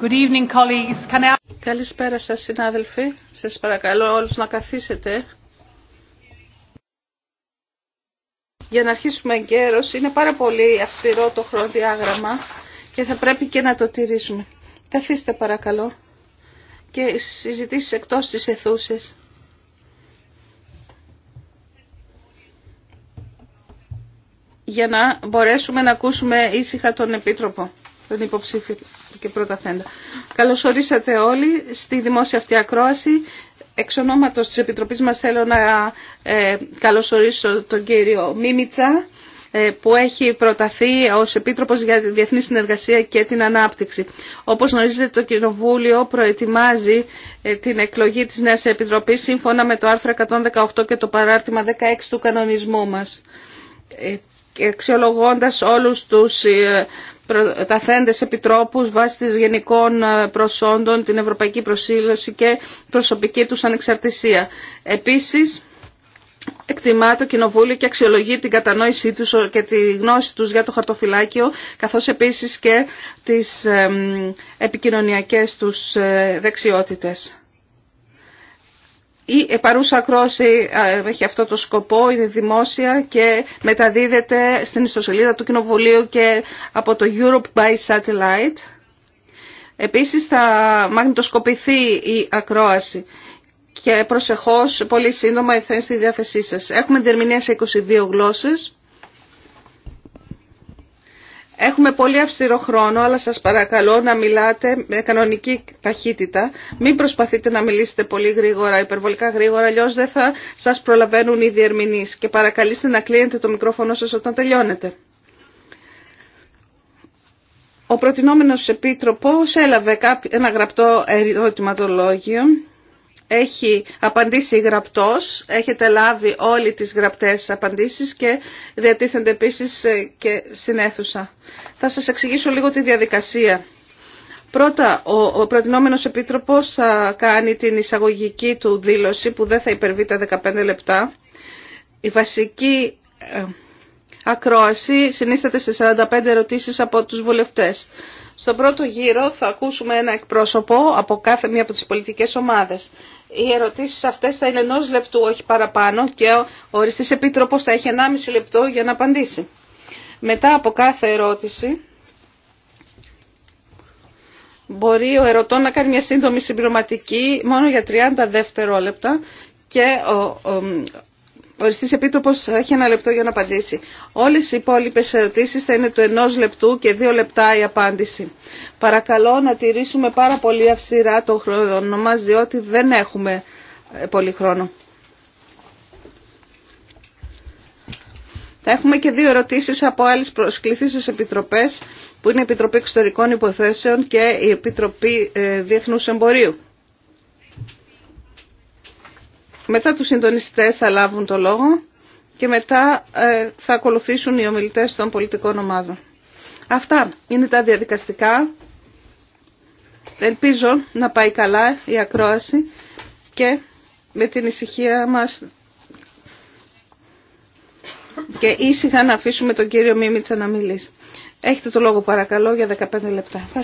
Good evening, colleagues. Καλησπέρα σας συνάδελφοι. Σας παρακαλώ όλους να καθίσετε. Για να αρχίσουμε εγκαίρως, είναι πάρα πολύ αυστηρό το χρονοδιάγραμμα και θα πρέπει και να το τηρήσουμε. Καθίστε παρακαλώ και συζητήσεις εκτός της αιθούσης. για να μπορέσουμε να ακούσουμε ήσυχα τον Επίτροπο τον υποψήφιο και πρωταθέντα. Καλώς ορίσατε όλοι στη δημόσια αυτή ακρόαση. Εξ ονόματος της Επιτροπής μας θέλω να ε, καλωσορίσω τον κύριο Μίμητσα ε, που έχει προταθεί ως Επίτροπος για τη Διεθνή Συνεργασία και την Ανάπτυξη. Όπως γνωρίζετε το Κοινοβούλιο προετοιμάζει ε, την εκλογή της Νέας Επιτροπής σύμφωνα με το άρθρο 118 και το παράρτημα 16 του κανονισμού μας αξιολογώντας όλους τους ε, ταθέντες επιτρόπους βάσει της γενικών ε, προσόντων, την ευρωπαϊκή προσήλωση και προσωπική τους ανεξαρτησία. Επίσης, εκτιμά το Κοινοβούλιο και αξιολογεί την κατανόησή τους και τη γνώση τους για το χαρτοφυλάκιο, καθώς επίσης και τις ε, επικοινωνιακές τους δεξιότητες. Η παρούσα ακρόση έχει αυτό το σκοπό, είναι δημόσια και μεταδίδεται στην ιστοσελίδα του Κοινοβουλίου και από το Europe by Satellite. Επίσης θα μαγνητοσκοπηθεί η ακρόαση και προσεχώς πολύ σύντομα θα είναι στη διάθεσή σας. Έχουμε διερμηνία σε 22 γλώσσες. Έχουμε πολύ αυστηρό χρόνο, αλλά σας παρακαλώ να μιλάτε με κανονική ταχύτητα. Μην προσπαθείτε να μιλήσετε πολύ γρήγορα, υπερβολικά γρήγορα, αλλιώ δεν θα σας προλαβαίνουν οι διερμηνείς. Και παρακαλείστε να κλείνετε το μικρόφωνο σας όταν τελειώνετε. Ο προτινόμενος επίτροπος έλαβε ένα γραπτό ερωτηματολόγιο έχει απαντήσει γραπτός, έχετε λάβει όλοι τις γραπτές απαντήσεις και διατίθενται επίσης ε, και συνέθουσα. Θα σας εξηγήσω λίγο τη διαδικασία. Πρώτα, ο, ο προτινόμενος επίτροπος θα κάνει την εισαγωγική του δήλωση που δεν θα υπερβεί τα 15 λεπτά. Η βασική ε, ακρόαση συνίσταται σε 45 ερωτήσεις από τους βουλευτές. Στο πρώτο γύρο θα ακούσουμε ένα εκπρόσωπο από κάθε μία από τις πολιτικές ομάδες. Οι ερωτήσεις αυτές θα είναι ενός λεπτού, όχι παραπάνω, και ο οριστής επίτροπος θα έχει 1,5 λεπτό για να απαντήσει. Μετά από κάθε ερώτηση μπορεί ο ερωτών να κάνει μια σύντομη συμπληρωματική μόνο για 30 δευτερόλεπτα και ο, ο, οριστή επίτροπο έχει ένα λεπτό για να απαντήσει. Όλες οι υπόλοιπε ερωτήσει θα είναι του ενό λεπτού και δύο λεπτά η απάντηση. Παρακαλώ να τηρήσουμε πάρα πολύ αυστηρά το χρόνο μα διότι δεν έχουμε ε, πολύ χρόνο. Θα έχουμε και δύο ερωτήσει από άλλε προσκληθήσεις επιτροπές, που είναι η Επιτροπή Εξωτερικών Υποθέσεων και η Επιτροπή ε, διεθνού Εμπορίου. Μετά τους συντονιστές θα λάβουν το λόγο και μετά ε, θα ακολουθήσουν οι ομιλητές των πολιτικών ομάδων. Αυτά είναι τα διαδικαστικά. Ελπίζω να πάει καλά η ακρόαση και με την ησυχία μας και ήσυχα να αφήσουμε τον κύριο Μίμητσα να μιλήσει. Έχετε το λόγο παρακαλώ για 15 λεπτά.